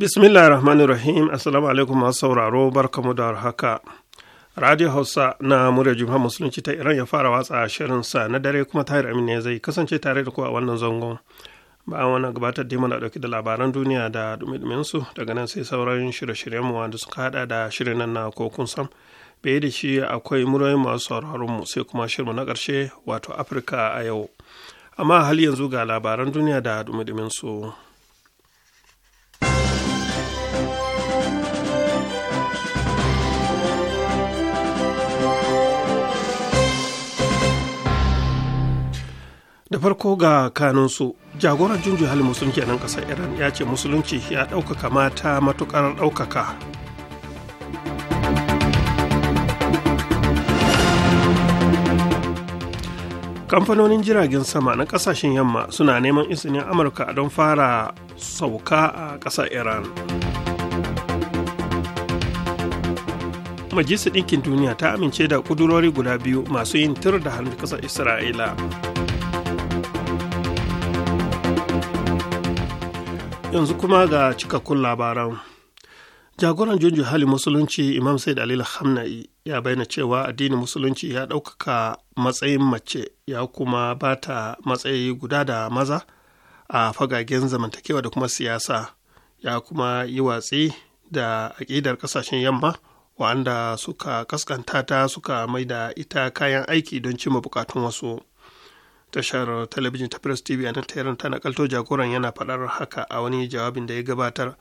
bismillah rahmanir rahim assalamu alaikum masu sauraro barkamu da haka radio hausa na murya juma musulunci ta iran ya fara watsa shirin sa na dare kuma tahir amin ne zai kasance tare da ku a wannan zangon bayan wannan gabatar da muna dauki da labaran duniya da dumidumin su daga nan sai sauran shirye-shiryen mu wanda suka hada da shirin nan na kun san bai da shi akwai muryoyin masu sauraron mu sai kuma shirin na karshe wato afirka a yau amma hali yanzu ga labaran duniya da dumidumin su. da farko ga kanunsu jagoran junju hali musulunci nan kasar iran ya ce musulunci ya ɗaukaka mata matukar ɗaukaka kamfanonin jiragen sama na kasashen yamma suna neman izinin amurka don fara sauka a ƙasar iran majalisar ɗinkin duniya ta amince da ƙudurori guda biyu masu yin tir da hannun ƙasar isra'ila yanzu kuma ga cikakkun labaran jagoran junjin hali musulunci imam said alil hamna'i ya bayyana cewa addinin musulunci ya ɗaukaka matsayin mace ya kuma ba ta matsayi guda da maza a fagagen zamantakewa da kuma siyasa ya kuma yi watsi da aƙidar ƙasashen yamma wa'anda suka kaskanta ta suka da ita kayan aiki don cimma bukatun wasu tashar talabijin ta press tv a nan tehran ta nakalto jagoran yana faɗar haka a wani jawabin da ya gabatar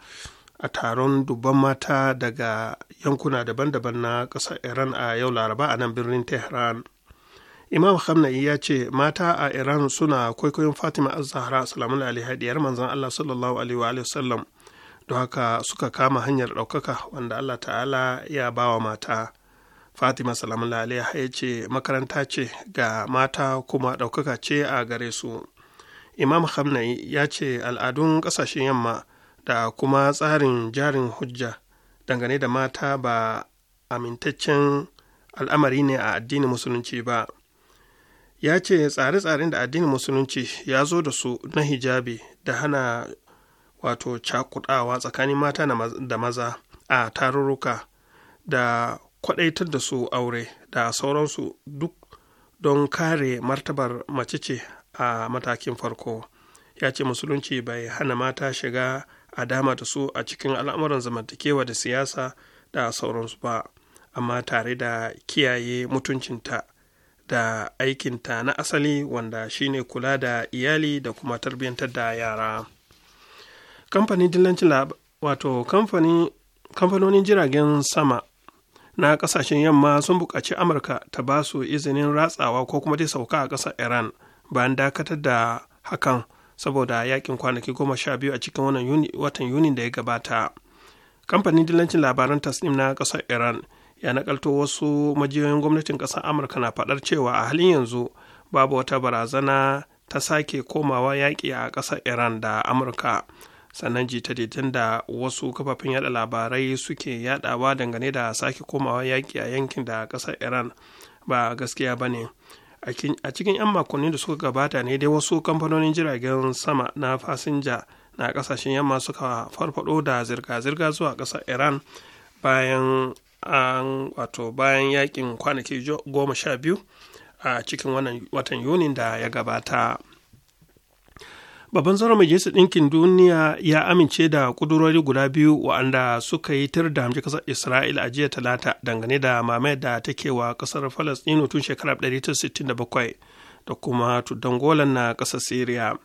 a taron dubban mata daga yankuna daban-daban na ƙasar iran a yau laraba a nan birnin tehran imam hamna'i ya ce mata a iran suna kwaikwayon fatima az-zahra salamun alaiha diyar manzon allah sallallahu alaihi wa sallam don haka suka kama hanyar ɗaukaka wanda allah ta'ala ya bawa mata fatima salamullah alaiha ya ce makaranta ce ga mata kuma ɗaukaka ce a gare su imam hamnai ya ce al'adun ƙasashen yamma da kuma tsarin jarin hujja dangane da mata ba amintaccen al'amari ne a addinin musulunci ba ya ce tsare-tsaren da addinin musulunci ya zo da su na hijabi da hana wato cakudawa tsakanin mata da maza a tarurruka da kwadaitar da su aure da sauransu duk don kare martabar mace ce a matakin farko ya ce musulunci bai hana mata shiga a dama da su a cikin al'amuran zamantakewa da siyasa da sauransu ba amma tare da kiyaye mutuncinta da aikinta na asali wanda shine kula da iyali da kuma tarbiyyantar da yara kamfanin dillancin wato kamfanin kamfanonin jiragen sama na kasashen yamma sun buƙaci amurka ta ba su izinin ratsawa ko kuma dai sauka a ƙasar iran bayan dakatar da hakan saboda yakin kwanaki goma sha biyu a cikin watan yuni da ya gabata kamfanin dillancin labaran tasnim na ƙasar iran ya nakalto wasu majiyoyin gwamnatin ƙasar amurka na faɗar cewa a halin yanzu babu wata barazana ta sake komawa yaƙi a ƙasar iran da amurka sannan jita-jitan da wasu kafafen yada labarai suke yadawa dangane da sake komawa yaƙi a yankin da ƙasar iran ba gaskiya ba ne a cikin 'yan makonni da suka gabata ne dai wasu kamfanonin jiragen sama na fasinja na ƙasashen yamma suka farfado da zirga-zirga zuwa ƙasar iran bayan an wato bayan yakin kwanaki goma sha biyu a cikin watan yunin da ya gabata. Babban mai Majalisar Ɗinkin Duniya ya amince da ƙudurori guda biyu waɗanda suka yi tir da hamji ƙasar Isra'ila a jiya Talata dangane da mamayar da take wa ƙasar Falasɗinu tun shekara 1967 da kuma tuddan golan na ƙasar Siriya.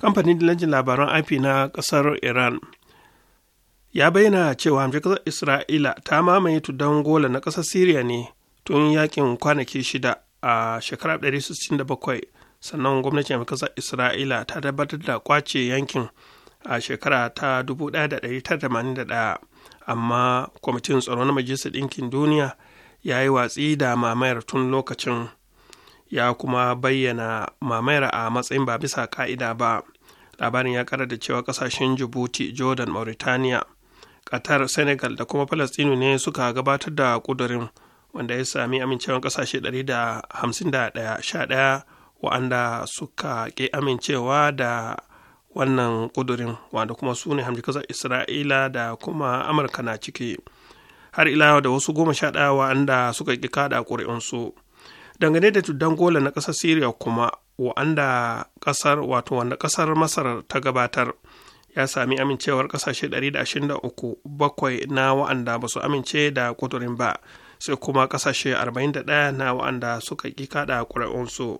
Kamfanin dillancin labaran IP na ƙasar Iran ya bayyana cewa hamji ƙasar Isra'ila ta mamaye tuddan gola na ƙasar Siriya ne tun yakin kwanaki shida a shekara 1967 sannan gwamnatin kasar isra'ila ta tabbatar da kwace yankin a shekara ta 1981 amma kwamitin tsaro na majalisar ɗinkin duniya ya yi watsi da mamayar tun lokacin ya kuma bayyana mamayar a matsayin ba bisa ka'ida ba labarin ya kara da cewa kasashen jibuti jordan mauritania qatar senegal da kuma palestino ne suka gabatar da kudurin wanda ya sami amincewan kasashe 151 waɗanda suka ke amincewa da wannan ƙudurin wanda kuma su ne hamjikasar isra'ila da kuma amurka na ciki har ila da wasu goma sha ɗaya waɗanda suka ƙi kaɗa ƙuri'unsu dangane da tuddan gola na ƙasar syria kuma waɗanda ƙasar wato wanda ƙasar masar ta gabatar ya sami amincewar ƙasashe 123 bakwai na waɗanda ba su amince da ƙudurin ba sai kuma ƙasashe 41 na waɗanda suka ƙi kaɗa ƙuri'unsu.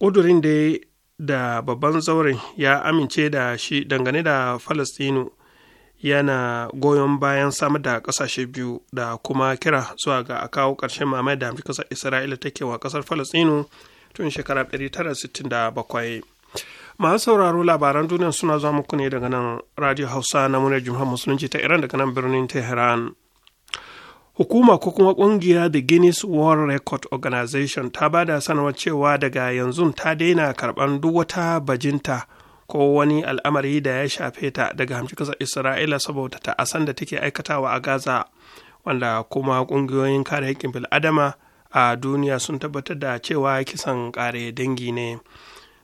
ƙudurin da da babban zauren ya amince da shi dangane da falastinu yana goyon bayan samar da ƙasashe biyu da kuma kira zuwa ga a kawo ƙarshen mamaye da kasa isra'ila take wa ƙasar falastinu tun shekara 1967 masu sauraro labaran duniya suna zuwa muku ne daga nan radio hausa na muryar jihar musulunci ta iran daga nan birnin tehran hukuma ko kuma kungiya the guinness world record organization ta ba da sanarwar cewa daga yanzu ta daina karban duk wata bajinta ko wani al'amari da ya shafe ta daga hamshi kasar isra'ila saboda ta asan da take aikatawa a gaza wanda kuma kungiyoyin kare haƙƙin bil'adama a duniya sun tabbatar da cewa kisan kare dangi ne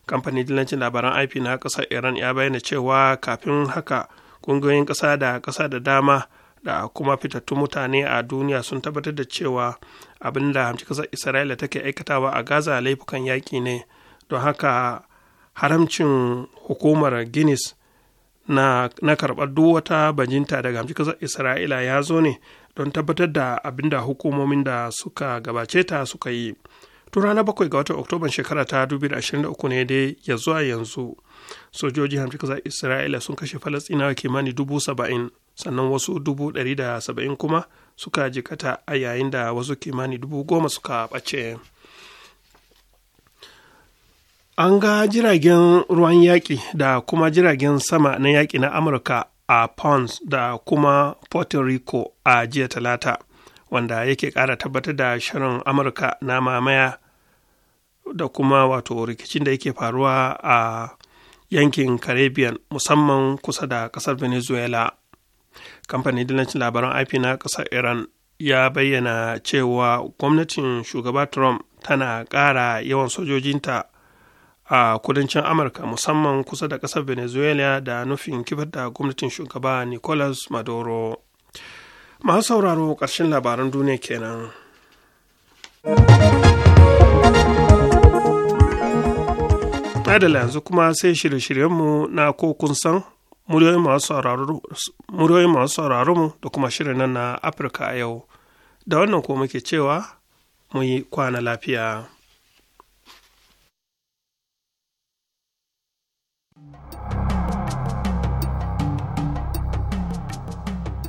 kamfanin dillancin labaran ip na ƙasar iran ya bayyana cewa kafin haka kungiyoyin ƙasa da ƙasa da dama da kuma fitattun mutane a duniya sun tabbatar da cewa abin da hamci kasar isra'ila take aikatawa a gaza laifukan yaƙi ne don haka haramcin hukumar guinness na, na karɓar duk wata bajinta daga hamci kasar isra'ila ya zo ne don tabbatar da abin da hukumomin da suka gabace ta suka yi tun ranar bakwai ga watan oktoban shekara ta 2023 ne dai ya zuwa yanzu sojoji hamshi kasar isra'ila sun kashe falastinawa kimanin dubu saba'in sannan wasu dubu ɗari da saba'in kuma suka jikata a yayin da wasu kimani dubu goma suka ɓace an ga jiragen ruwan yaƙi da kuma jiragen sama na yaƙi na amurka a pons da kuma puerto rico a jiya talata wanda yake ƙara tabbatar da shirin amurka na mamaya da kuma wato rikicin da yake faruwa a yankin caribbean musamman kusa da ƙasar venezuela kamfanin dillancin labaran ip na ƙasar iran ya bayyana cewa gwamnatin shugaba trump tana ƙara yawan sojojinta a kudancin amurka musamman kusa da ƙasar venezuela da nufin kifar da gwamnatin shugaba nicolas maduro masu sauraro karshen labaran duniya kenan. adala yanzu kuma sai shirye-shiryenmu na ko kun san muryoyin masu sauraro mu da kuma shirin nan na afirka a yau da wannan ko muke cewa mu yi kwana lafiya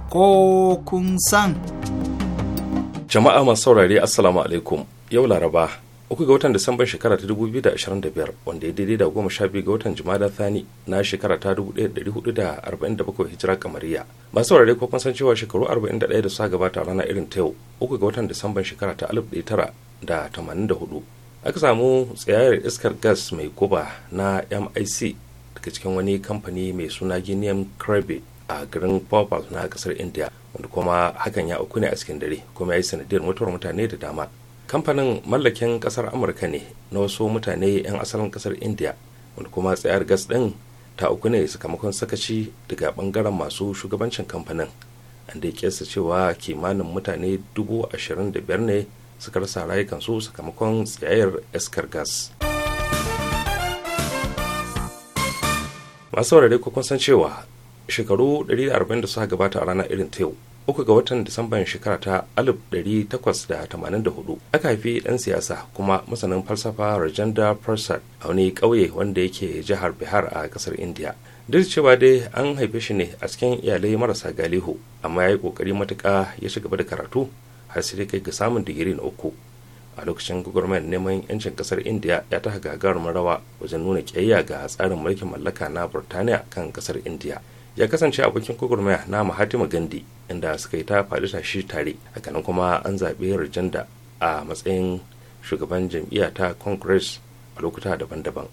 ko kun san jama'a masu saurare assalamu alaikum yau laraba uku ga watan disamban shekara ta 2025 wanda ya daidai da goma sha ga watan jumada thani na shekara ta 1447 hijira kamariya masu saurare ko kun san cewa shekaru 41 da suka gabata rana irin ta yau uku ga watan disamban shekara ta 1984 aka samu tsayayar iskar gas mai guba na mic daga cikin wani kamfani mai suna guinean crabbe a garin popal na kasar India wanda kuma hakan ya auku ne a cikin dare kuma ya yi sanadiyar mutuwar mutane da dama kamfanin mallakin kasar amurka ne na wasu mutane 'yan asalin kasar india wanda kuma tsayar gas din ta uku ne sakamakon sakaci daga bangaren masu shugabancin kamfanin an da ya cewa kimanin mutane 25,000 ne suka rasa rayukansu sakamakon tsayayar iskar gas masu wadda kun san cewa shekaru 140 da suka gabata a rana irin ta yau uku ga watan disamban shekara ta 1884 aka haifi ɗan siyasa kuma masanin falsafa rajendra prasad a wani ƙauye wanda yake jihar bihar a ƙasar india duk cewa dai an haife shi ne a cikin iyalai marasa galihu amma ya yi ƙoƙari matuƙa ya ci gaba da karatu har sai kai ga samun digiri na uku a lokacin gwagwarmayar neman yancin kasar india ya ta gagarumin rawa wajen nuna kyayya ga tsarin mulkin mallaka na burtaniya kan kasar india ya kasance abokin gwagwarmaya na mahatima gandhi inda suka yi ta faɗi tashi tare kanan kuma an zaɓi rajanda a matsayin shugaban jam'iyya ta congress a lokuta daban-daban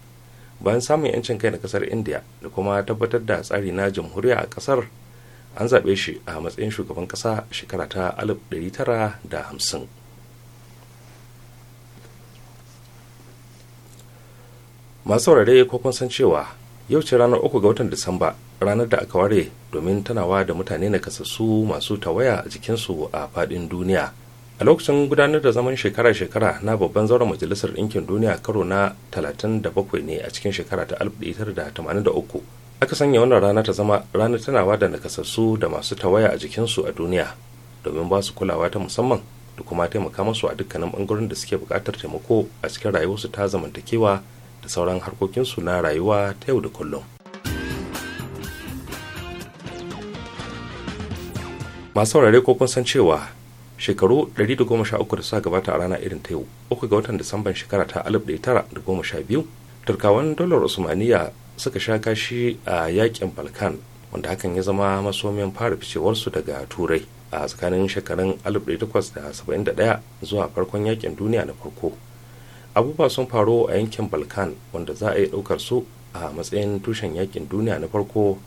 bayan samun yancin kai na kasar india da kuma tabbatar da tsari na jamhuriya a kasar an zaɓe shi a matsayin shugaban ƙasa shekara ta 1950 masu saurare ko kun san cewa yau ce ranar 3 ga watan disamba ranar da aka ware domin tanawa da mutane na kasassu masu tawaya a jikinsu a fadin duniya a lokacin gudanar da zaman shekara-shekara na babban zauren majalisar ɗinkin duniya karo na 37 ne a cikin shekara ta 1983 aka sanya wannan rana ta zama ranar tanawa da nakasassu da masu tawaya a jikinsu a duniya domin ba su kulawa ta musamman da kuma taimaka musu a dukkanin bangaren da suke bukatar taimako a cikin rayuwarsu ta zamantakewa da sauran harkokinsu na rayuwa ta yau da kullum. masu saurare ko kun san cewa shekaru 113 da suka gabata a rana irin ta yau uku ga watan disamban shekara ta 1912 turkawan dolar usmaniya suka sha kashi a yakin balkan wanda hakan ya zama masomin fara ficewarsu daga turai a tsakanin shekarun 1871 zuwa farkon yakin duniya na farko abubuwa sun faru a yankin balkan wanda za a yi ɗaukar su a matsayin tushen yakin duniya na farko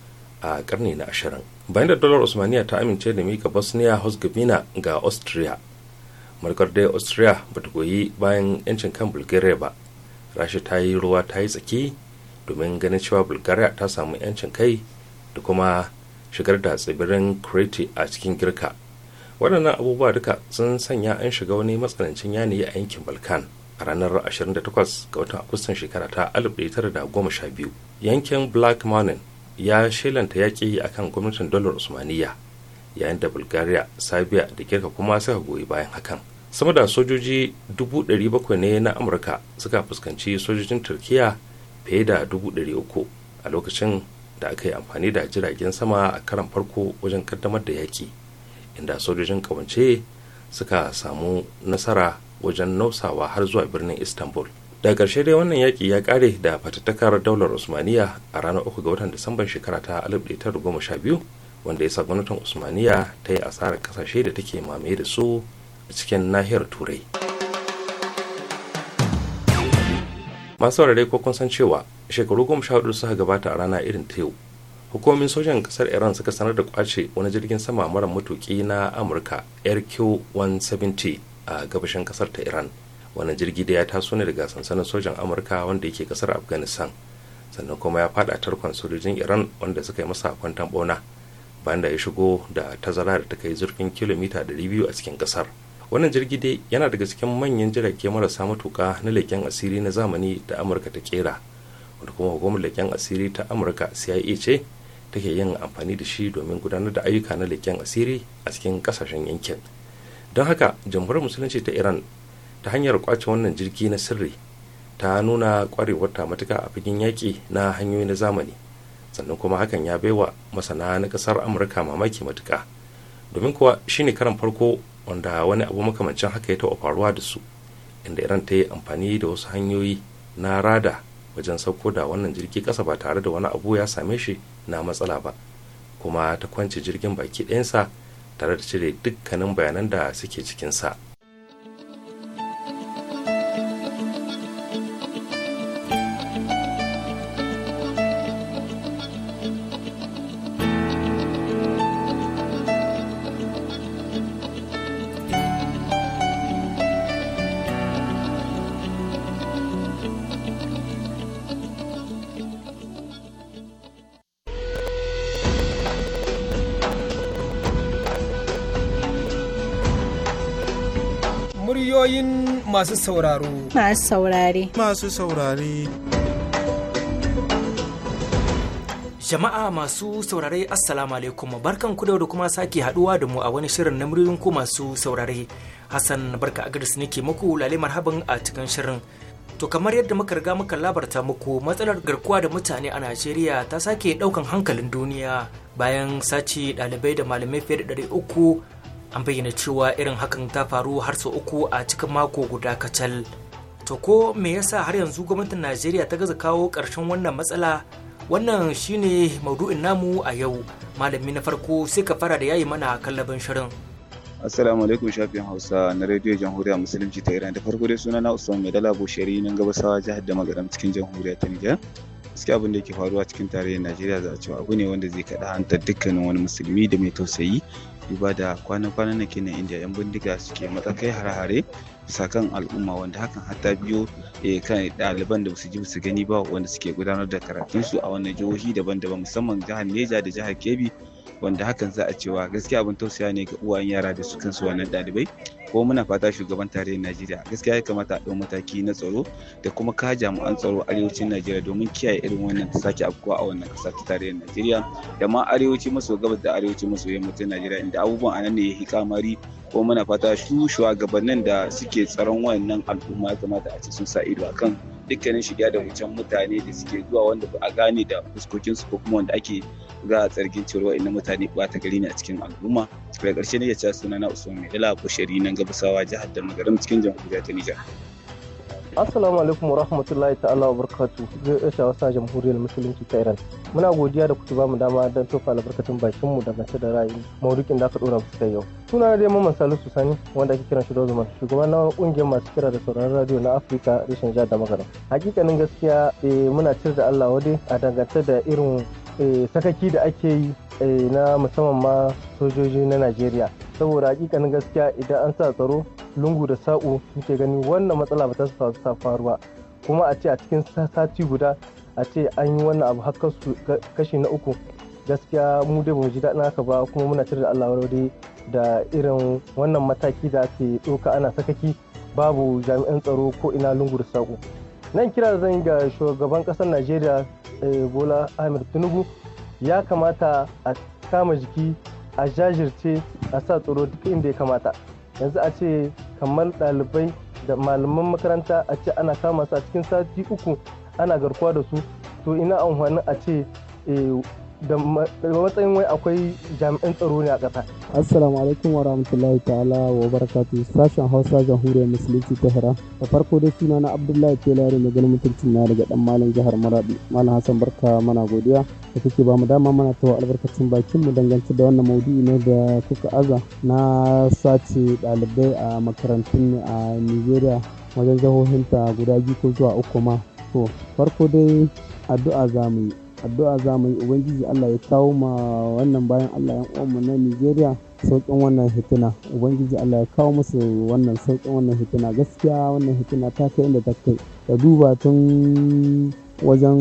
a karni na ashirin bayan da dalar usmaniya ta amince da mika bosnia herzegovina ga austria markar dai austria ba ta goyi bayan yancin kan bulgaria ba rashi ta yi ruwa ta yi tsaki domin ganin cewa bulgaria ta samu yancin kai da kuma shigar da tsibirin kreti a cikin girka waɗannan abubuwa duka sun sanya an shiga wani matsanancin yanayi a yankin balkan a ranar 28 ga watan agustan shekara ta 1912 yankin black morning ya shelanta yaƙi a kan gwamnatin dolar usmaniya yayin da bulgaria serbia da kirka kuma suka goyi bayan hakan sama da sojoji 700,000 ne na amurka suka fuskanci sojojin turkiya fiye da 300,000 a lokacin da aka yi amfani da jiragen sama a karan farko wajen kaddamar da yaƙi inda sojojin kawance suka samu nasara wajen nausawa har zuwa birnin istanbul da ƙarshe dai wannan yaƙi ya ƙare da fatattakar daular usmaniya a ranar 3 ga watan disamban shekara ta 1912 wanda ya sa gwamnatin usmaniya ta yi asarar kasashe da take mamaye da su a cikin nahiyar turai masu warare ko kun san cewa shekaru goma sha hudu suka gabata a rana irin ta yau hukumomin sojan ƙasar iran suka sanar da kwace wani jirgin sama mara matuki na amurka rq 170 a gabashin kasar ta iran wannan jirgi da ya taso ne daga sansanin sojan amurka wanda yake kasar afghanistan sannan kuma ya fada tarkon sojojin iran wanda suka yi masa kwantan bona bayan da ya shigo da tazara da ta kai zurfin kilomita 200 a cikin kasar wannan jirgi dai yana daga cikin manyan jirage marasa matuka na leken asiri na zamani da amurka ta kera wanda kuma hukumar leken asiri ta amurka cia ce take yin amfani da shi domin gudanar da ayyuka na leken asiri a cikin kasashen yankin don haka jamhuriyar musulunci ta iran ta hanyar kwace wannan jirgi na sirri ta nuna kwarewar ta matuka a fagen yaƙi na hanyoyi na zamani sannan kuma hakan ya baiwa masana na ƙasar amurka mamaki matuka domin kuwa shine karan farko wanda wani abu makamancin haka ya taɓa faruwa da su inda iran ta yi amfani da wasu hanyoyi na rada wajen sauko da wannan jirgi ƙasa ba tare da wani abu ya same shi na matsala ba kuma ta kwance jirgin baki ɗayansa tare da cire dukkanin bayanan da suke cikinsa masu sauraro. Masu saurare. Masu saurare. Jama'a masu saurare Assalamu alaikum barkan ku da kuma sake haduwa da mu a wani shirin na muryoyin ku masu saurare. Hassan barka a gadis nake muku lale marhaban a cikin shirin. To kamar yadda muka riga muka labarta muku matsalar garkuwa da mutane a Najeriya ta sake daukan hankalin duniya bayan sace dalibai da malamai fiye da uku. an bayyana cewa irin hakan ta faru har sau uku a cikin mako guda kacal to ko me yasa har yanzu gwamnatin najeriya ta gaza kawo karshen wannan matsala wannan shine maudu'in namu a yau malami na farko sai ka fara da yayi mana kallaban shirin Assalamu alaikum shafin Hausa na Radio Jamhuriyar Musulunci ta Iran da farko dai suna na Usman Mai Dala Bushari nan gabasawa jihar da magaram cikin Jamhuriyar ta Nijar. gaskiya abin da yake faruwa cikin tarayyar Najeriya za a cewa abu ne wanda zai kaɗa hantar dukkanin wani musulmi da mai tausayi duba da kwana-kwanan nan kenan inda 'yan bindiga suke matsakai hare-hare kan al'umma wanda hakan hatta biyo eh, kan ɗaliban da basu ji su gani ba wanda suke gudanar da karatunsu a wannan jihohi daban-daban musamman jihar neja da jihar kebbi wanda hakan za a cewa gaskiya abin tausaya ne ga uwayen yara da su kansu wannan ɗalibai ko muna fata shugaban tarayyar najeriya gaskiya ya kamata a ɗau mataki na tsaro da kuma ka jami'an tsaro arewacin najeriya domin kiyaye irin wannan ta sake afkuwa a wannan ƙasa ta tarayyar najeriya da ma arewaci maso gabas da arewacin maso yammacin najeriya inda abubuwan anan ne ya yi kamari ko muna fata su shugabannin da suke tsaron wannan al'umma ya kamata a ce sun sa ido akan dukkanin shiga da wucen mutane da suke zuwa wanda ba a gane da fuskokinsu ko kuma wanda ake ga a tsargin cewa inda mutane ta gari ne a cikin al'umma daga ƙarshe ne ya ca suna na usman mai dala bushari nan gabasawa jihar da magaram cikin jamhuriyar ta nijar Assalamu alaikum warahmatullahi ta'ala barkatu zai iya wasa jamhuriyar musulunci ta Iran. Muna godiya da kutuba mu dama don tofa albarkacin bakin mu dangance da ra'ayi maudukin da aka dora kai yau. Suna da Maman Salisu Sani wanda ake kiran shi da Zuma shugaban na kungiyar masu kira da sauraron radio na Afirka reshen jihar da Magaram. Hakikanin gaskiya eh, muna cir da Allah wade a dangance da irin eh, sakaki da ake yi Eh, na musamman ma sojoji na najeriya saboda hakikanin gaskiya idan an sa tsaro lungu da sa'u muke gani wannan matsala ba ta sa faruwa kuma a ce a cikin sati guda a ce an yi wannan abu har kashi na uku gaskiya mu dai bamu ji daɗin haka ba kuma muna cire da Allah warware da irin wannan mataki da ake ɗauka ana sakaki babu jami'an tsaro ko ina lungu da saƙo nan kira zan ga shugaban ƙasar najeriya eh, bola ahmed tinubu ya kamata a kama jiki a jajirce a sa tsoro duk inda ya kamata yanzu a ce kamar ɗalibai da malaman makaranta a ce ana kama su a cikin sati uku ana garkuwa da su to ina amfanin a ce eh, da matsayin wai akwai jami'an tsaro ne a ƙasa. Assalamu alaikum wa rahmatullahi ta'ala wa barakatu sashen Hausa jamhuriyar Musulunci hira. Da farko dai suna na Abdullahi kelari mai ganin mutuncin na daga dan malam jihar Maradi. Malam Hassan Barka mana godiya da kuke ba mu dama mana tawa albarkacin bakin mu dangance da wannan maudu'i ne da kuka aza na sace ɗalibai a makarantun a Nigeria wajen jihohinta guda biyu ko zuwa uku ma. To farko dai addu'a za mu yi addu'a za mu yi ubangiji allah ya kawo ma wannan bayan allah yan uwanmu na nigeria saukin wannan hituna ubangiji allah ya kawo musu wannan sauƙin wannan hituna gaskiya wannan hituna ta kai inda ta kai ka duba tun wajen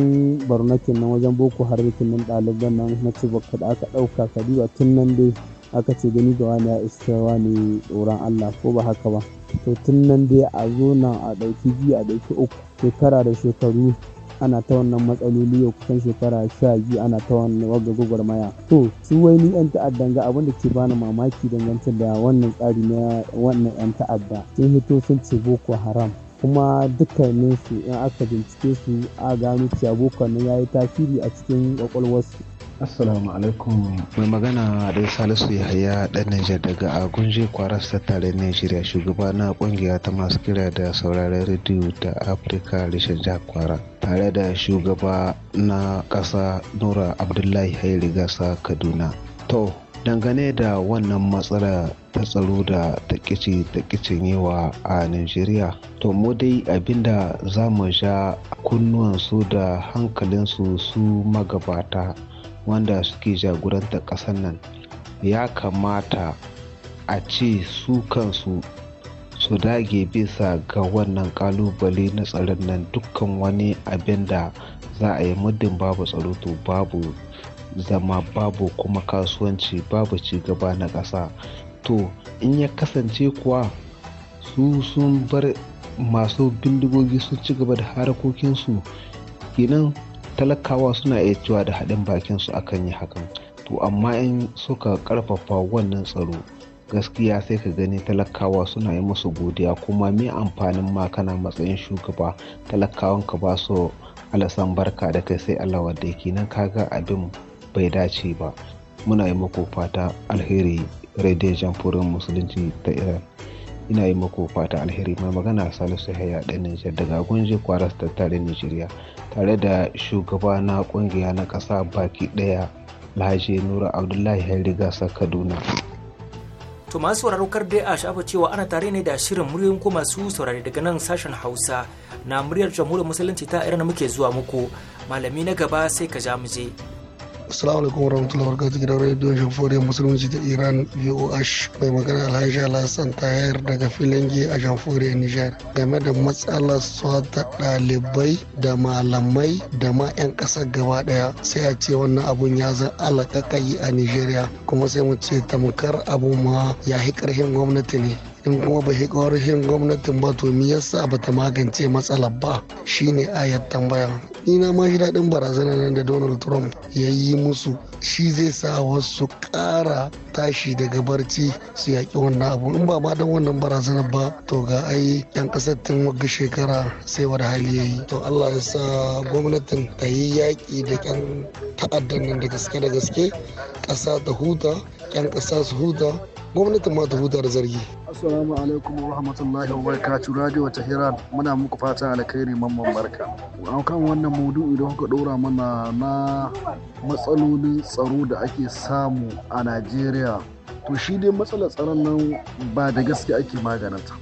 barnakin nan wajen boko harbikin nan ɗaliban nan na cibaka da aka ɗauka ka duba tun nan dai aka ce gani ga wani ya iska wani tsoron allah ko ba haka ba to tun nan dai a zo nan a ɗauki biyu a ɗauki uku shekara da shekaru ana ta wannan matsaloli yau kusan shekara sha biyu ana ta wannan wagga gwagwarmaya to su wai ni yan ta'adda ga abin da ke bani mamaki dangance da wannan tsari na wannan yan ta'adda sun hito sun ce boko haram kuma dukkaninsu in aka bincike su a gano cewa boko ya yi tasiri a cikin kwakwalwarsu Assalamu alaikum mai magana da Salisu Yahaya ɗan Nijar daga Agunje kwara ta tare Nijeriya shugaba na ƙungiya ta masu kira da sauraron rediyo ta Afirka Rishin Jihar Kwara tare da shugaba na ƙasa Nura Abdullahi Hairi Gasa Kaduna. To dangane da wannan matsala ta tsaro da ta kici ta yawa a Najeriya. To mu dai abinda za mu sha kunnuwansu da hankalinsu su magabata wanda suke jagoranta ƙasar nan ya kamata a ce su kansu su dage bisa ga wannan kalubale na tsaron nan dukkan wani abin da za a yi muddin babu tsaro to babu zama babu kuma kasuwanci babu cigaba na ƙasa to in ya kasance kuwa su sun bar masu bindigogi sun ci gaba da harkokinsu kenan talakawa suna iya cewa da haɗin bakin su akan yi hakan to amma in suka karfafa wannan tsaro gaskiya sai ka gani talakawa suna yi musu godiya kuma me amfanin ma kana matsayin shugaba talakawan ka ba su alasan barka da kai sai allah wadda kenan kaga abin bai dace ba muna yi makofata fata alheri rediyon furin musulunci ta iran ina yi muku fata alheri mai magana salisu haya ɗan nijar daga gunji kwaras tattalin nijeriya tare da shugaba na kungiya na ƙasa baki ɗaya Alhaji Nura Abdullahi gasa Kaduna. To masu sauraro kar dai a shafa cewa ana tare ne da shirin muryoyin ko masu saurari daga nan sashen Hausa na muryar jamhuriyar musulunci ta irin muke zuwa muku malami na gaba sai ka ja mu je. Assalamu alaikum warahmatullahi wabarakatuh gidan rediyon Jamhuriyar Musulunci ta Iran VOH mai magana Alhaji Alhassan Tahir daga Filinge a Jamhuriyar Nijar game da matsalar swata ɗalibai da malamai da ma 'yan ƙasar gaba ɗaya sai a ce wannan abun ya zan alaƙaƙayi a Nijeriya kuma sai mu ce tamkar abu ma ya hi ƙarshen gwamnati ne in kuma ba shi ƙarshen gwamnatin ba to mi yasa ta magance matsalar ba shine ayat tambaya ni na ma shi daɗin barazana nan da donald trump ya yi musu shi zai sa wasu ƙara tashi daga barci su yaƙi wannan abu in ba ma don wannan barazana ba to ga ai yan ƙasar tun wagga shekara sai wani hali ya yi to allah ya sa gwamnatin ta yi yaƙi da yan ta'addan nan da gaske da gaske ƙasa ta huta yan ƙasa su huta gwamnatin ma ta huta da zargi assalamu alaikum wa rahmatullahi wa barakatuh radio hira muna muku fatan alkhairi mamman barka a kan wannan maudu'i da kuka dora mana na matsalolin tsaro da ake samu a najeriya to shi dai matsalar tsaron nan ba da gaske ake maganata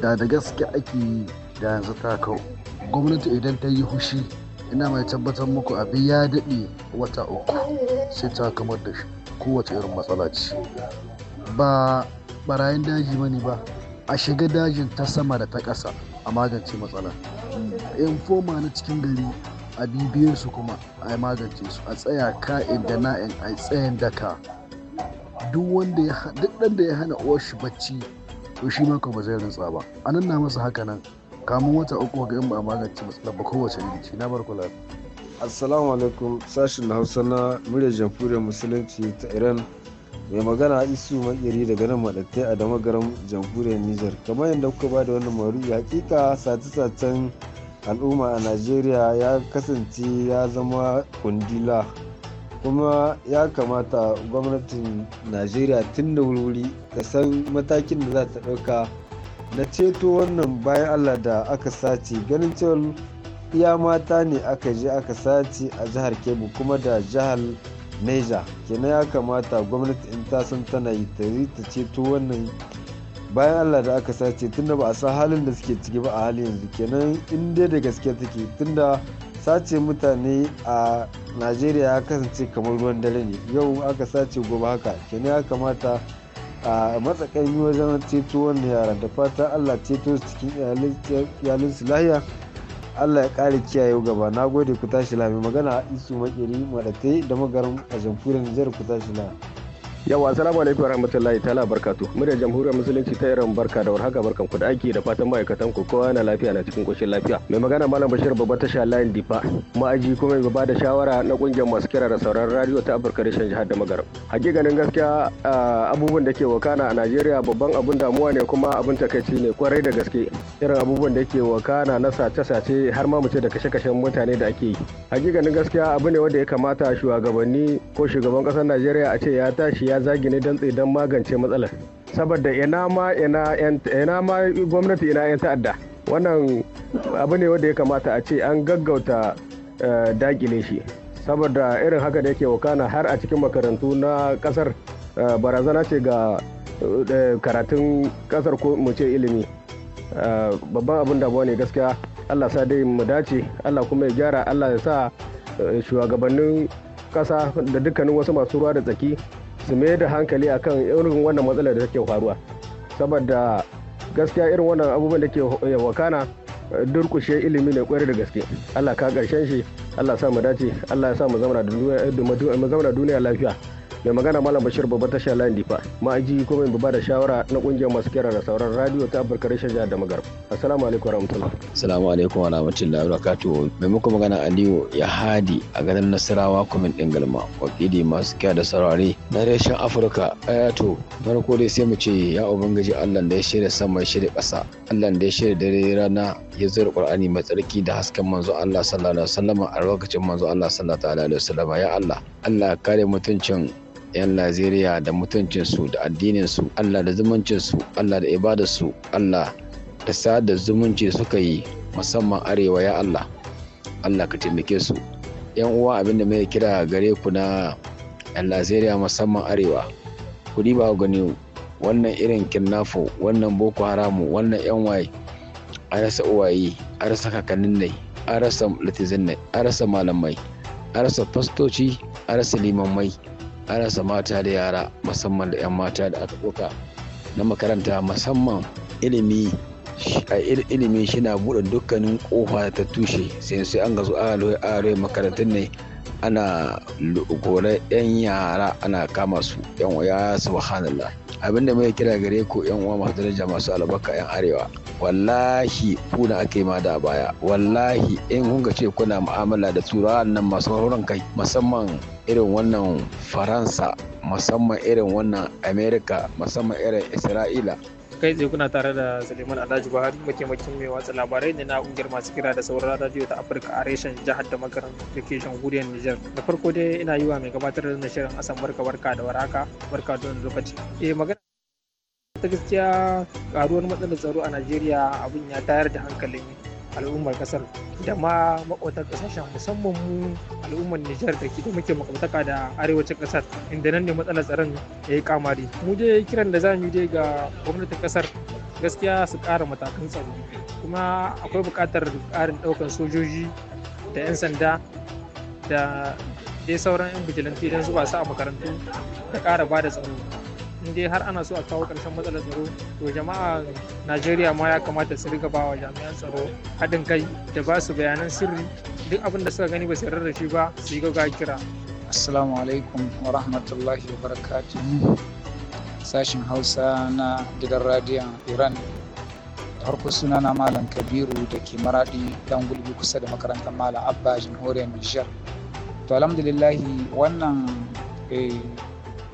da da gaske ake da yanzu ta kau gwamnati idan ta yi hushi ina mai tabbatar muku abin ya daɗe wata uku sai ta kamar da shi kowace irin matsala ce ba barayin daji bane ba a shiga dajin ta sama da ta ƙasa a magance matsala in foma na cikin gari a bibiyar su kuma a magance su a tsaya ka'in da na'in a tsayin daka duk wanda ya duk ɗan da ya hana uwar shi bacci to shi ma ba zai rantsa ba a na masa haka nan kamun wata uku ga in ba magance matsalar ba kowace iri na bar lafiya assalamu alaikum sashin hausa na muryar jamhuriyar musulunci ta iran mai magana isu maƙeri daga nan maɗattai a dama garin jamhuriyar nijar kamar yadda kuka ba da wannan maru'i hakika sace-sacen al'umma a najeriya ya kasance ya zama kundila kuma ya kamata gwamnatin najeriya tun da wuri ta san matakin da za ta ɗauka na ceto wannan bayan allah da aka sace ganin cewa iya mata ne aka je aka sace a jihar kebbi kuma da jihar neja kenan ya kamata gwamnati in ta san tana yi ta yi ta ceto wannan bayan allah da aka sace tunda ba a san halin da suke ciki ba a halin yanzu kenan in dai da gaske take tunda sace mutane a najeriya ya kasance kamar ruwan dare ne yau aka sace gobe haka kenan ya kamata a matsakaimi wajen ceto wannan yaran da fatan allah ceto su cikin iyalinsu lahiya Allah ya kare kiyaye gaba na gode ku tashi lami magana isu makeri madatai da magaran a jamhuriyar Nijar ku tashi lami yawa assalamu alaikum warahmatullahi ta'ala barkatu muryar jamhuriyar musulunci ta iran barka da warhaka barkan ku da aiki da fatan ma'aikatan ku kowa na lafiya na cikin koshin lafiya mai magana malam bashir babba tasha layin difa ma'aji kuma mai bada shawara na kungiyar masu kira da sauran radio ta afirka shan jihar da magarab hakikanin gaskiya abubuwan da ke wakana a najeriya babban abun damuwa ne kuma abun takaici ne kwarai da gaske irin abubuwan da ke wakana na sace-sace har ma mace da kashe-kashen mutane da ake yi hakikanin gaskiya abu ne wanda ya kamata shugabanni ko shugaban kasar najeriya a ce ya tashi ya ne dantse don magance matsalar saboda ina ma ina ma gwamnati ina 'yan ta'adda wannan abu ne wanda ya kamata a ce an gaggauta eh, dakile shi saboda irin haka da yake wakana har a cikin makarantu na kasar eh, barazana ce ga eh, karatun kasar ko mu ce ilimi babban abin da ne gaskiya allah sa dai mu dace allah kuma ya gyara allah ya sa shugabannin kasa da dukkanin wasu masu ruwa da tsaki su mai da hankali akan irin wannan matsalar da take faruwa saboda gaskiya irin wannan abubuwan da ke yawakana durkushe ilimi ne kwarai da gaske Allah ka karshen shi Allah sa mu dace Allah ya sa mu zauna duniya lafiya mai magana malam bashir babba tasha layin difa ma'aji kuma babba da shawara na kungiyar masu kira da sauran radio ta afirka rashin jihar da magar assalamu alaikum warahmatullah assalamu alaikum wa rahmatullahi wa barakatuhu mai muku magana aliyu ya hadi a garin nasarawa kumin din galma wakili masu kira da saurare na rashin afirka ayato eh, farko dai sai mu ce ya ubangiji allah da ya shirya sama ya shirya ƙasa allah da ya shirya dare rana ya zura qur'ani mai tsarki da hasken manzo allah sallallahu alaihi wasallam a lokacin manzo allah sallallahu alaihi wasallam ya allah allah kare mutuncin 'yan Najeriya da mutuncinsu da addininsu Allah da zumuncinsu Allah da ibadarsu Allah da sada zumunci suka yi musamman arewa ya Allah Allah ka taimake su yan uwa abinda mai kira gare ku na yan Najeriya musamman arewa ku ba gani wannan irin kinnafo wannan boko haramu wannan yan waye a rasa uwaye a rasa kakannin ne a rasa litizin ne a rasa malamai a rasa fastoci a rasa limammai an rasa mata da yara musamman da 'yan mata da aka ɗauka na makaranta musamman ilimi a ilimi na buɗe dukkanin ƙofa ta tushe sai sai an gazo aroyi makarantun ne ana gore 'yan yara ana kama su 'yan su subhanallah abinda mai kira gare ku 'yan uwa masu daraja masu albarka 'yan arewa wallahi kuna ake ma da baya wallahi in kun ce kuna mu'amala da turawan nan masu horon kai musamman irin wannan faransa musamman irin wannan amerika musamman irin isra'ila kai tsaye kuna tare da suleiman alhaji buhari mataimakin mai watsa labarai ne na kungiyar masu kira da sauran radio ta afirka a reshen jihar da makarar da ke jamhuriyar nijar da farko dai ina yi wa mai gabatar da shirin asan barka barka da waraka barka don lokaci eh magana ta gaskiya karuwar matsalar tsaro a najeriya abin ya tayar da hankalin al'ummar kasar da ma makwatan kasashen musamman mu al'ummar Nijar da da muke makwataka da arewacin kasar inda nan ne matsalar tsaron ya yi kamari mu dai kiran da za mu dai ga gwamnatin kasar gaskiya su kara matakan tsaro kuma akwai bukatar ƙarin ɗaukar sojoji da 'yan sanda da dai sauran 'yan bijilanti don zuba su a makarantu da ƙara ba da tsaro in dai har ana so a kawo ƙarshen matsalar tsaro to jama'a najeriya ma ya kamata su riga bawa jami'an tsaro haɗin kai da ba su bayanan sirri duk abin da suka gani ba su yarda da shi ba su yi gaggawa kira assalamu alaikum wa rahmatullahi wa barakatuh sashin hausa na gidan radiyon iran farko suna na malam kabiru da ke Maraɗi dan gulbi kusa da makarantar malam abba jamhuriyar nijar to alhamdulillahi wannan eh,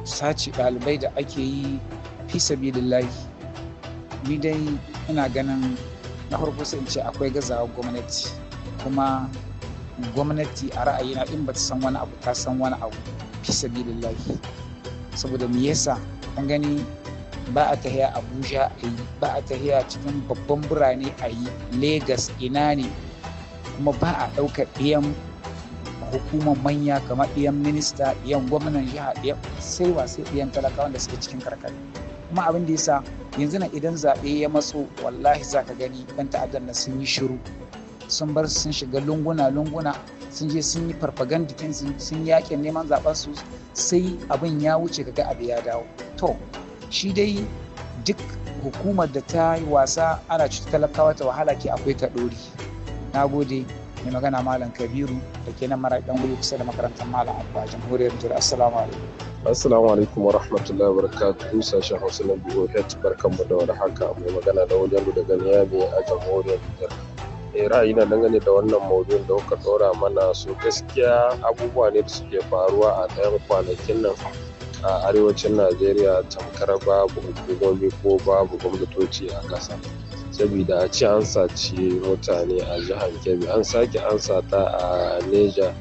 sace ɗalibai da ake yi fi lahi, ni dai ina ganin na farko sai in ce akwai gazawa gwamnati kuma gwamnati a ra'ayi na in ba ta san wani abu ta san wani abu fi lahi. saboda me yasa an gani ba a tahiya abuja a yi ba a tahiya cikin babban birane a yi Legas ina ne kuma ba a ɗaukar biyan hukumar manya kamar ɗiyan minista ɗiyan gwamnan jiha ɗiyan sai wasu ɗiyan talakawa da suke cikin karkara kuma abin da yasa yanzu na idan zaɓe ya matso wallahi za ka gani ɗan ta'addar na sun yi shiru sun bar sun shiga lunguna-lunguna sun je sun yi farfagandikin sun yaƙin neman zaɓen su sai abin ya wuce ga abu ya dawo to shi dai duk hukumar da ta yi wasa ana cuta talakawa ta wahala ke akwai ta ɗori na gode mai magana malam kabiru da ke nan mara dan kusa da makarantar malam abuwa jamhuriyar jira assalamu alaikum assalamu alaikum wa rahmatullahi wa barakatuhu sashen hausa na biyu h mu da wani haka mai magana da wajen da ya ne a jamhuriyar nijar eh ra'ayi na dangane da wannan maudun da kuka ɗora mana su gaskiya abubuwa ne da suke faruwa a ɗayan kwanakin nan a arewacin najeriya tamkar babu hukumomi ko babu gwamnatoci a ƙasa saboda a ce an saci mutane a jihar kebbi an sake an sata a neja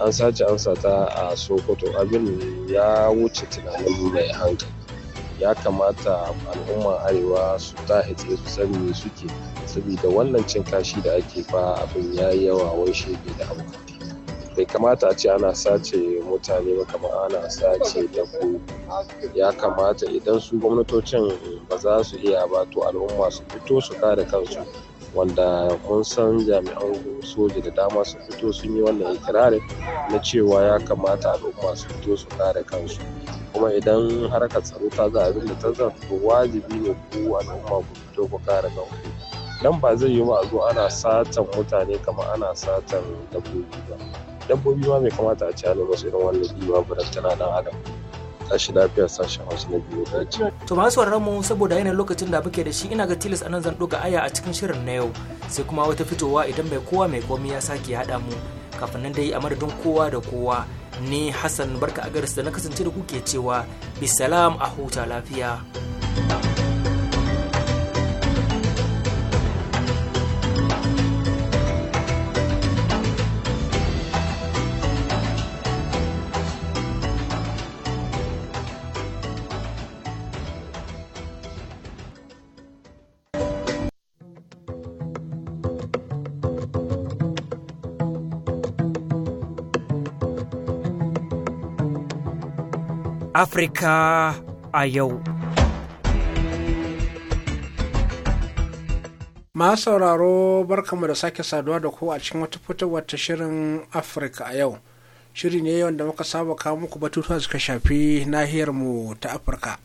an sace an sata a sokoto abin ya wuce tunanin mai hankali ya kamata al'umma arewa su ta hitse su sani suke Sabida wannan cin kashi da ake fa abin ya yi yawa wai shege da abokan bai kamata a ce ana sace mutane ba kamar ana sace ku ya kamata idan su gwamnatocin ba za su iya ba to al'umma su fito su kare kansu wanda kun san jami'an soja da dama su fito sun yi wannan ikirarin na cewa ya kamata al'umma su fito su kare kansu kuma idan harkar tsaro ta ga abin da ta zarto wajibi ne ku al'umma ku fito ku kare kanku dan ba zai yi ba a zo ana satan mutane kamar ana satan dabbobi ba dabbobi ma bai kamata a ci hannu masu irin wannan biyu ba tana dan adam tashi lafiya sashen wasu na biyu da ci. to masu wararren mu saboda yanayin lokacin da muke da shi ina ga tilas nan zan ɗoga aya a cikin shirin na yau sai kuma wata fitowa idan bai kowa mai komi ya sake haɗa mu kafin nan dai a madadin kowa da kowa ni hassan barka a garis da na kasance da kuke cewa bisalam a huta lafiya. thank Afirka a yau. ma sauraro barkamu da sake saduwa da ku a cikin wata fitowar ta shirin Afirka a yau. Shiri ne wanda muka saba kawo muku batutuwa suka shafi nahiyarmu ta Afirka.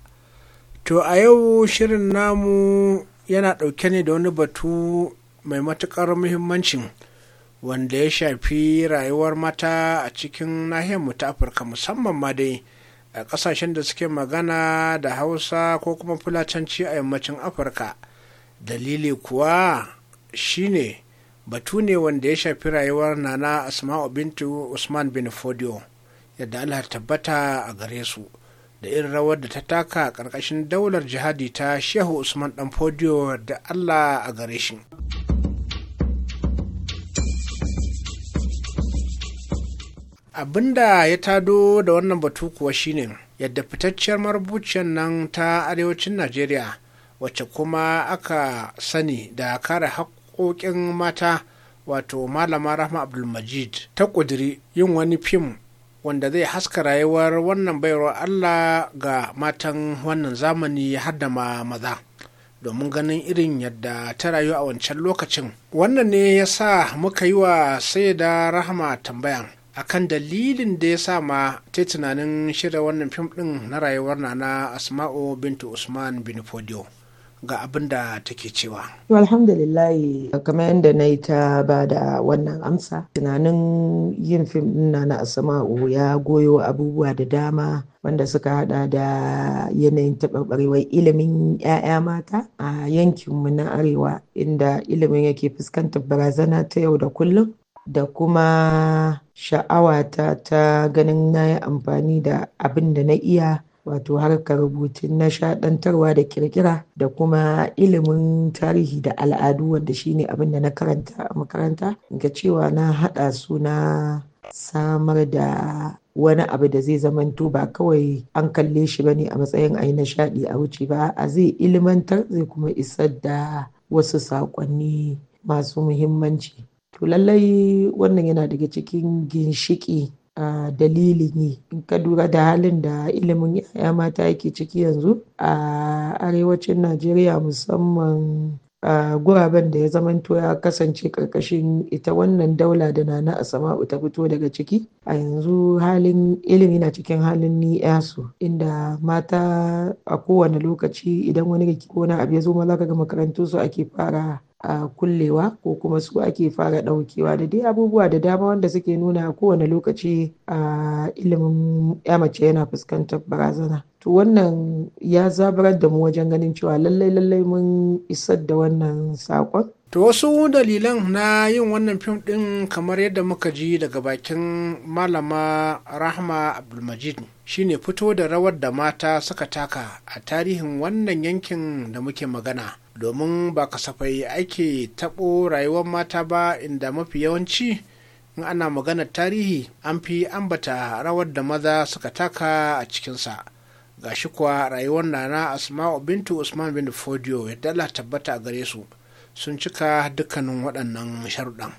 To a yau shirin namu yana ɗauke ne da wani batu mai matuƙar muhimmancin wanda ya shafi rayuwar mata a cikin nahiyarmu ta Afirka musamman ma dai. a ƙasashen da suke magana da hausa ko kuma fulatanci a yammacin afirka dalili kuwa shine batu ne wanda ya shafi rayuwar nana asma'u bintu usman bin fodio yadda allah tabbata a gare su da irin rawar da ta taka ƙarƙashin daular jihadi ta shehu usman dan fodio da allah a gare shi. abin da ya tado da wannan batu kuwa shine yadda fitacciyar marubuciyar nan ta arewacin najeriya wacce kuma aka sani da kare haƙoƙin mata wato malama rahma abdulmajid ta ƙudiri yin wani fim wanda zai haska rayuwar wannan baiwar allah ga matan wannan zamani har da ma maza domin ganin irin yadda ta rayu a wancan lokacin wannan ne ya sa muka yi wa sai da rahama tambaya akan dalilin da ya sa ma ta tunanin shirya wannan fim ɗin na rayuwar nana asma'u bintu usman bin fodio ga abin da take cewa. alhamdulillah kamar yadda na yi ta ba da wannan amsa tunanin yin fim din na asma'u ya goyo abubuwa da dama wanda suka hada da yanayin taɓarɓarewar ilimin 'ya'ya mata a yankinmu na arewa inda ilimin yake fuskantar barazana ta yau da kullum da kuma sha'awata ta ganin na yi amfani da abin da na iya wato harkar rubutun nishaɗantarwa da ƙirƙira, da kuma ilimin tarihi da al'adu wanda shine abin da na karanta a makaranta ga cewa na haɗa su na samar da wani abu da zai zamanto ba kawai an kalle shi ba ne a matsayin ayi nishaɗi a wuce ba a zai ilimantar zai kuma isar da wasu saƙonni masu muhimmanci to lallai wannan yana daga cikin ginshiki a dalilin yi in ka dura da halin da ilimin yaya mata yake ciki yanzu a arewacin najeriya musamman a guraben da ya zamanto ya kasance karkashin ita wannan daula da na asama'u ta fito daga ciki a yanzu halin ilimi na cikin halin ni yasu inda mata a kowane lokaci idan wani rikiko na abu ya zo maza ga makarantu su ake fara a kullewa ko kuma su ake fara ɗaukewa da dai abubuwa da dama wanda suke nuna kowane lokaci a ilimin ya mace yana fuskantar barazana to wannan ya zabarar da mu wajen ganin cewa lallai lallai mun isar da wannan saƙon To wasu dalilan na yin wannan fim ɗin kamar yadda muka ji daga bakin malama Rahma Abdulmajid shine fito da rawar da mata suka taka a tarihin wannan yankin da muke magana domin ba kasafai ake taɓo rayuwar mata ba inda mafi yawanci in ana maganar tarihi an fi ambata rawar da maza suka taka a cikinsa ga shi kuwa rayuwar nana asma'u bintu usman bin Fodio, ya dala tabbata a gare su sun cika dukkanin waɗannan sharuɗan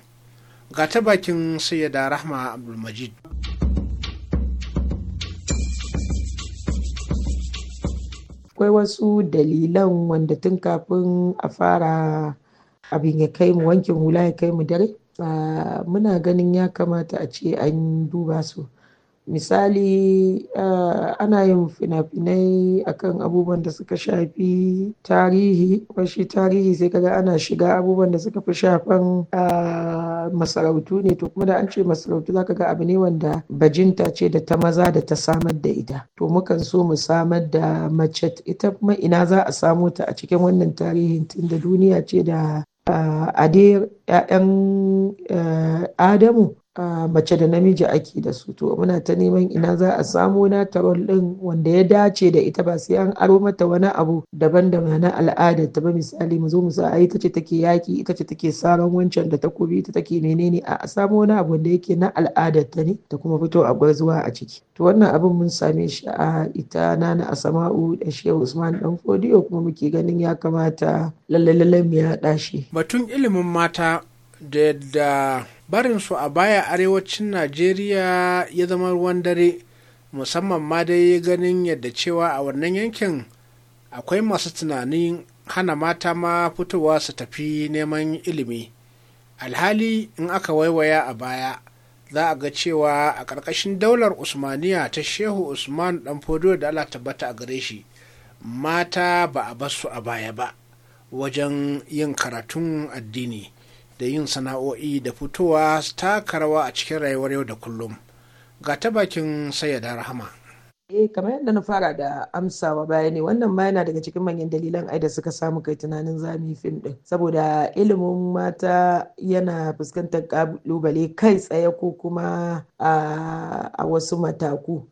ga ta bakin sayyada rahma abdulmajid akwai wasu dalilan wanda tun kafin a fara abin ya kai mu wankin hula ya kai mu dare ah, muna ganin ya kamata a ce an duba su misali eh, ana yin fina-finai akan abubuwan da suka shafi tarihi shi tarihi sai kaga ana shiga abubuwan da suka fi shafan uh, masarautu ne to kuma da an ce masarautu za ka ga abu ne wanda bajinta ce da ta maza da ta samar da ita to mukan so mu samar da mace ita kuma ina za a samo ta a cikin wannan tarihin tunda duniya ce da uh, 'ya'yan adamu mace da namiji ake da su to muna ta neman ina za a samo na tarol din wanda ya dace da ita ba sai an aro mata wani abu daban da na al'adar ta ba misali mu zo mu sa ai tace take yaki ita ce take saran wancan da takobi ita take menene a samo wani abu da yake na al'ada ta ne ta kuma fito a gwarzuwa a ciki to wannan abin mun same shi a ita nana sama'u da shehu usman dan fodiyo kuma muke ganin ya kamata lalle lalle mu ya dashi batun ilimin mata da yadda Barin su a baya arewacin najeriya ya zama ruwan dare musamman ma dai ganin yadda cewa a wannan yankin akwai masu tunanin hana mata ma fitowa su tafi neman ilimi alhali in aka waiwaya a baya za a ga cewa a ƙarƙashin daular usmaniya ta shehu usman dan fodo da Ala tabbata a gare shi mata ba a basu a baya ba wajen yin karatun addini da yin sana'o'i da fitowa taka rawa a cikin rayuwar yau da kullum ga ta bakin sayyada rahama eh kamar yadda na fara da amsawa baya ne wannan ma yana daga cikin manyan dalilan ai da suka samu kai tunanin zami fim din saboda ilimin mata yana fuskantar kalubale kai tsaye ko kuma a wasu mataku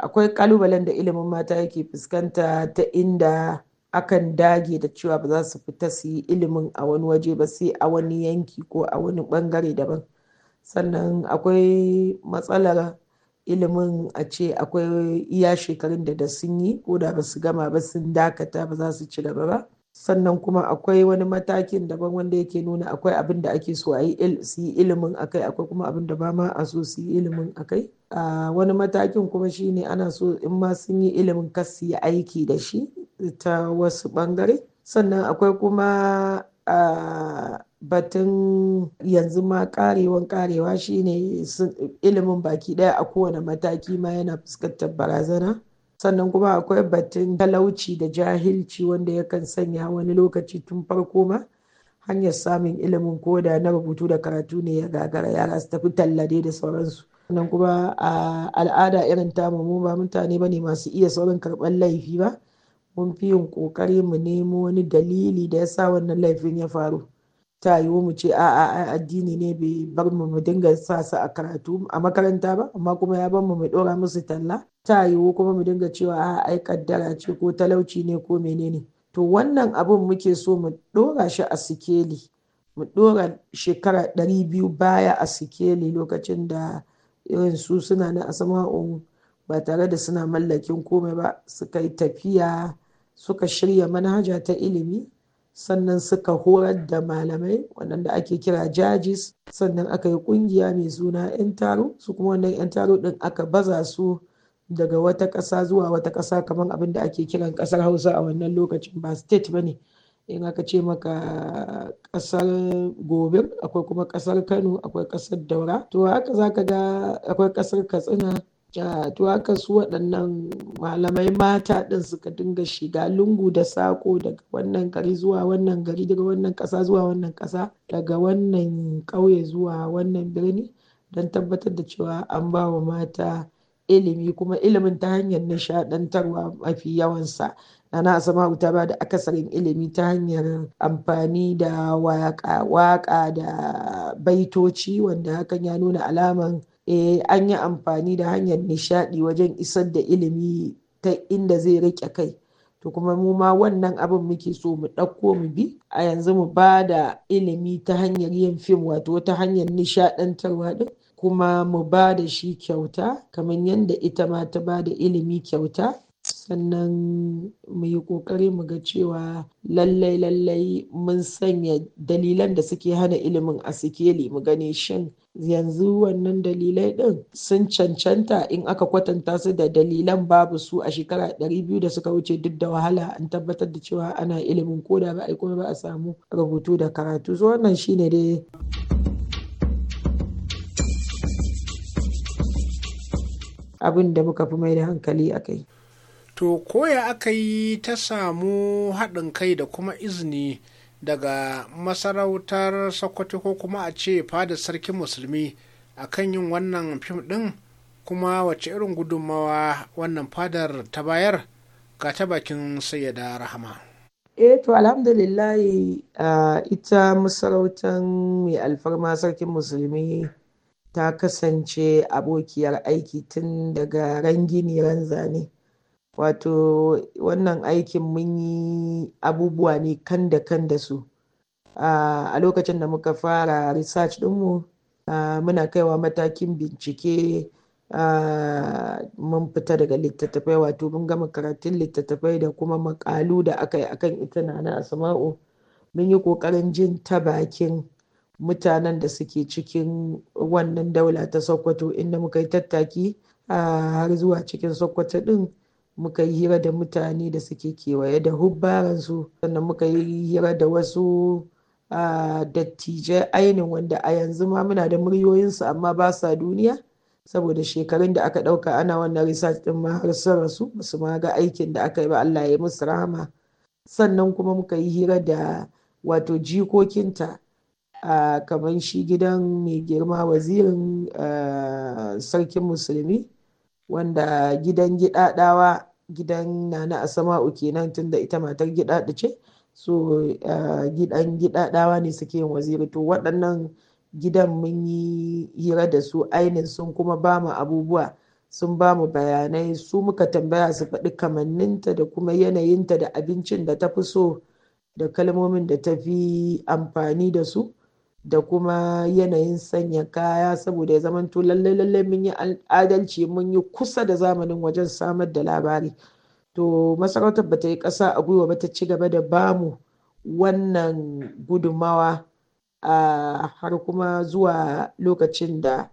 akwai kalubalen da ilimin mata yake fuskanta ta inda akan dage da cewa ba za su fita su yi ilimin a wani waje ba sai a wani yanki ko a wani bangare daban sannan akwai matsalar ilimin a ce akwai iya shekarun da da sun yi ko da ba su gama ba sun dakata ba za su ci gaba ba sannan kuma akwai wani matakin daban wanda yake nuna akwai abin da ake so a yi su yi ilimin akai akwai kuma abin da ba ma a so su yi ilimin akai ah, wani matakin kuma shine ana so in ma sun yi ilimin kas su yi aiki da shi ta wasu bangare sannan akwai kuma a batun yanzu ma karewan karewa shine ilimin baki daya a kowane mataki ma yana fuskantar barazana sannan kuma akwai batun talauci da jahilci wanda yakan sanya wani lokaci tun farko ma hanyar samun ilimin koda na rubutu da karatu ne ya gagara yara su tafi tallade da sauransu sannan kuma a al'ada irin tamu mu ba mutane ba ne masu iya saurin karɓar laifi ba mun fi yin ƙoƙari mu nemo wani dalili da ya sa wannan laifin ya faru ta yiwu mu ce a'a addini ne bai bar mu mu dinga sa su a karatu a makaranta ba amma kuma ya bar mu mu ɗora musu talla ta yiwu kuma mu dinga cewa a'a ai kaddara ce ko talauci ne ko menene to wannan abun muke so mu ɗora shi a sikeli mu ɗora shekara ɗari biyu baya a sikeli lokacin da irin su suna na asama'un ba tare da suna mallakin komai ba su kai tafiya suka shirya manhaja ta ilimi sannan suka horar da malamai waɗanda ake kira jajis sannan aka yi ƙungiya mai suna 'yan taro su kuma wannan 'yan taro ɗin aka baza su daga wata ƙasa zuwa wata ƙasa kamar abin da ake kiran ƙasar hausa a wannan lokacin ba state ba ne in aka ce maka ƙasar gobe akwai kuma ƙasar kano akwai ƙasar daura to haka za ka ga akwai ƙasar katsina to haka su waɗannan malamai mata ɗin suka dinga shiga lungu da sako daga wannan gari zuwa wannan gari daga wannan ƙasa zuwa wannan ƙasa daga wannan ƙauye zuwa wannan birni don tabbatar da cewa an ba wa mata ilimi kuma ilimin ta hanyar nishaɗantarwa mafi yawansa na asama ta ba da akasarin ilimi ta hanyar amfani da waƙa da baitoci wanda hakan ya nuna alaman Eh, an yi amfani da hanyar nishaɗi wajen isar da ilimi ta inda zai riƙe kai to kuma mu ma wannan abin muke so mu ɗauko mu bi a yanzu mu ba da ilimi ta hanyar yin fim wato ta hanyar nishaɗantarwa ɗin kuma mu ba da shi kyauta kamar yadda ita ma ta ba da ilimi kyauta sannan mu yi ƙoƙari mu ga cewa lallai lallai mun sanya dalilan da suke hana ilimin a sikeli mu gane shin yanzu wannan dalilai ɗin sun cancanta in aka kwatanta su da dalilan babu su a shekara 200 da suka wuce duk da wahala an tabbatar da cewa ana ilimin ko da ba a kuma ba a samu rubutu da karatu so wannan shine dai abin da muka fi mai da hankali a kai to koya aka yi ta samu haɗin kai da kuma izini daga masarautar sokoto ko kuma a ce fadar sarkin musulmi a kan yin wannan fim ɗin kuma wace irin gudunmawa wannan fadar ta bayar ga ta bakin sayyada rahama eh to alhamdulillahi ah, ita masarautar mai alfarma sarkin musulmi ta kasance abokiyar aiki tun daga rangini zane wato wannan aikin mun yi abubuwa ne kan da kan da su a lokacin da muka fara research mu, muna kaiwa matakin bincike mun fita daga littattafai wato mun gama karatun littattafai da kuma makalu da aka yi akan ita na asma'u mun yi ƙoƙarin jin ta bakin mutanen da suke cikin wannan daula ta sokoto inda muka yi tattaki har zuwa cikin sokoto ɗin muka yi hira da mutane da suke kewaye da hubbaransu sannan muka yi hira da wasu dattijai ainihin wanda a yanzu ma muna da muryoyinsu amma ba sa duniya saboda shekarun da aka ɗauka ana wannan research ɗin ma har sun rasu su ma ga aikin da aka yi ba Allah ya musu rahama sannan kuma muka yi hira da wato jikokinta kamar shi gidan mai girma wazirin sarkin musulmi wanda gidan gidaɗawa gidan nana asama'u kenan tunda ita matar gidaɗa ce so eh, gidan gidaɗawa ne suke yin waziri to waɗannan gidan mun yi hira da su ainihin sun kuma ba mu abubuwa sun ba mu bayanai su muka tambaya su faɗi kamanninta da kuma yanayinta da abincin da ta fi so da kalmomin da ta fi amfani da su da kuma yanayin sanya kaya saboda ya zamanto lalle lalle mun yi adalci mun yi kusa da zamanin wajen samar da labari to masarautar ba ta yi ƙasa a gwiwa ba ta ci gaba da bamu wannan gudummawa har kuma zuwa lokacin da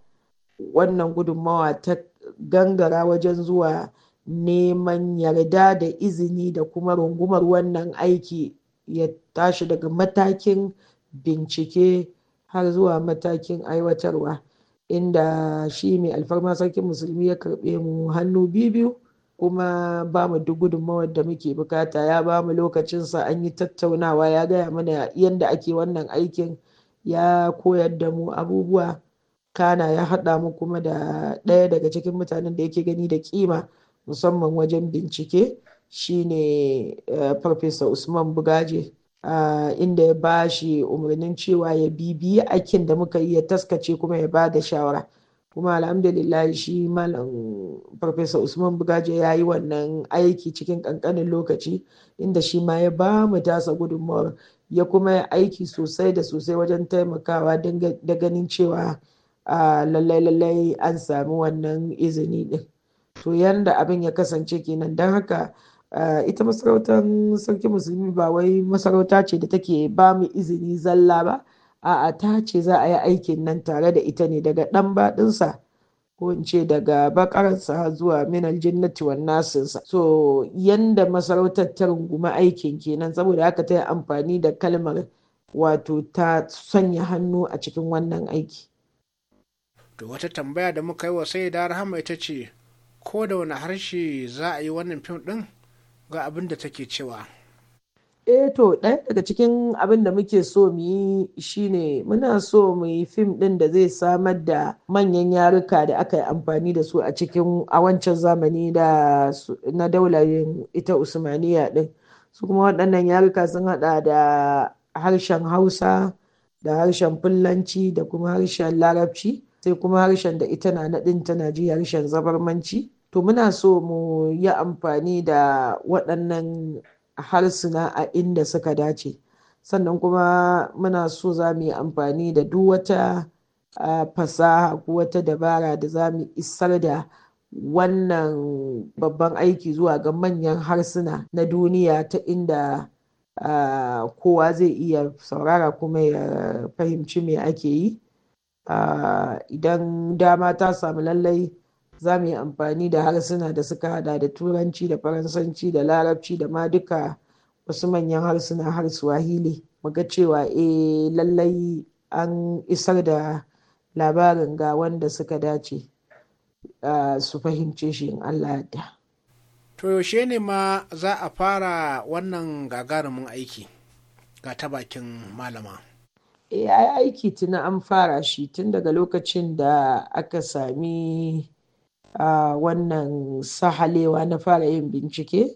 wannan gudummawa ta gangara wajen zuwa neman yarda da izini da kuma rungumar wannan aiki ya tashi daga matakin bincike har zuwa matakin aiwatarwa inda shi mai alfarma sarkin musulmi ya karɓe mu hannu biyu kuma ba mu duk gudunmawar da muke bukata ya ba mu lokacinsa an yi tattaunawa ya gaya mana yadda ake wannan aikin ya koyar da mu abubuwa kana ya haɗa mu kuma da ɗaya daga cikin mutanen da yake gani da kima musamman wajen bincike shine eh, farfesa usman bugaje Ah, inda ya ba shi umarnin cewa ya bibiyi aikin da muka yi ya taskace kuma ya ba da shawara kuma alhamdulillah shi malam farfesa usman bugaje ya yi wannan aiki cikin kankanin lokaci inda shi ma ya ba mu tasa gudunmawar ya kuma aiki sosai da sosai wajen taimakawa da ganin cewa lallai-lallai ah, an sami wannan izini din to yanda abin ya kasance kenan don haka Eh, ita masarautar sarki musulmi ba wai masarauta ce da take ba mu izini zalla ba a'a ta ce za a yi aikin nan tare da ita ne daga ɗan baɗinsa ko in ce daga bakararsa zuwa minal jinnati nasinsa so yanda masarautar ta runguma aikin kenan saboda haka ta yi amfani da kalmar wato ta sanya hannu a cikin wannan aiki to wata tambaya da muka yi wa sai da rahama ita ce ko da wani harshe za a yi wannan fim ɗin ga abin da take cewa eh to ɗaya daga cikin abin da muke so mu yi shine muna so mu yi fim ɗin da zai samar da manyan yaruka da aka yi amfani da su a cikin a wancan zamani na daularin ita usmaniya ɗin su kuma waɗannan yaruka sun haɗa da harshen hausa da harshen fullanci da kuma harshen larabci sai kuma harshen da ita na naɗin ta ji harshen zabarmanci to muna so mu yi amfani da waɗannan harsuna a inda suka dace sannan kuma muna so za mu yi amfani da duk wata fasaha ko wata dabara da za mu isar da wannan babban aiki zuwa ga manyan harsuna na duniya ta inda kowa zai iya saurara kuma ya fahimci me ake yi idan dama ta samu lallai za mu yi amfani da harsuna da suka hada da turanci da faransanci da larabci da ma duka wasu manyan harsuna har swahili ga cewa eh lallai an isar da labarin ga wanda suka dace su fahimce shi in allah yadda to yaushe ne ma za a fara wannan gagarumin aiki ga ta bakin malama eh, ai aiki tuna an fara shi tun daga lokacin da aka sami a wannan sahalewa na fara yin bincike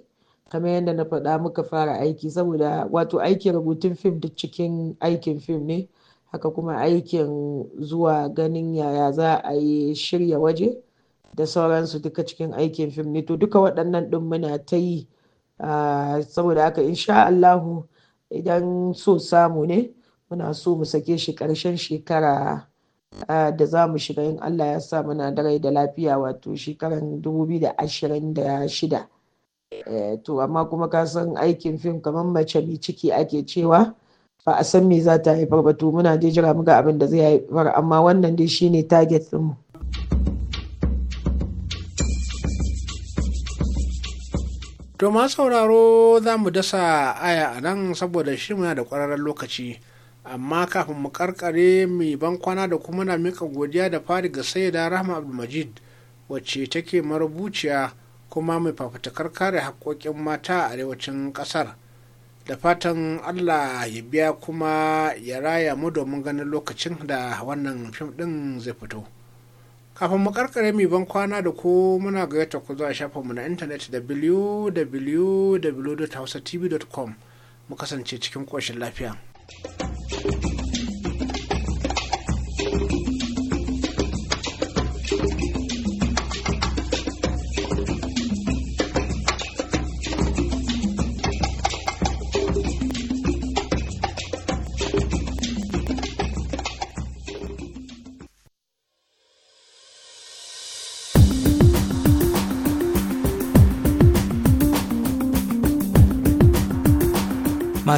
kamar yadda na faɗa muka fara aiki saboda wato aikin rubutun fim da cikin aikin fim ne haka kuma aikin zuwa ganin yaya za a yi shirya waje da sauransu duka cikin aikin fim ne to duka waɗannan ɗin muna ta yi saboda haka insha Allahu idan so samu ne muna so mu sake shi ƙarshen shekara Ah, da za mu shiga in Allah ya sa muna da rai da lafiya wato shekaran 2026 eh, to amma kuma ka san aikin fim kamar mace mai ciki ake cewa ba a san me za ta haifar ba to muna dai jira muga abin da zai haifar amma wannan dai shine target mu. To ma sauraro za mu dasa aya a nan saboda shi muna da ƙwararren lokaci. amma kafin mu karkare mai bankwana da kuma na mika godiya da fari ga sayyida rahma abdulmajid wacce take marubuciya kuma mai fafutukar kare haƙoƙin mata a arewacin ƙasar da fatan allah ya biya kuma ya raya mu domin ganin lokacin da wannan fim ɗin zai fito kafin mu karkare mai ban kwana da ko muna gayyata ku zuwa mu na intanet da www.hausatv.com mu kasance cikin ƙoshin lafiya.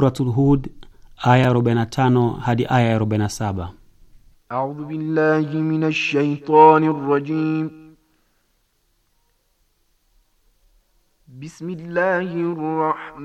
Suratul Hud aya 45 hadi aya 47. A'udhu billahi minash shaitanir rajim. Bismillahir rahmanir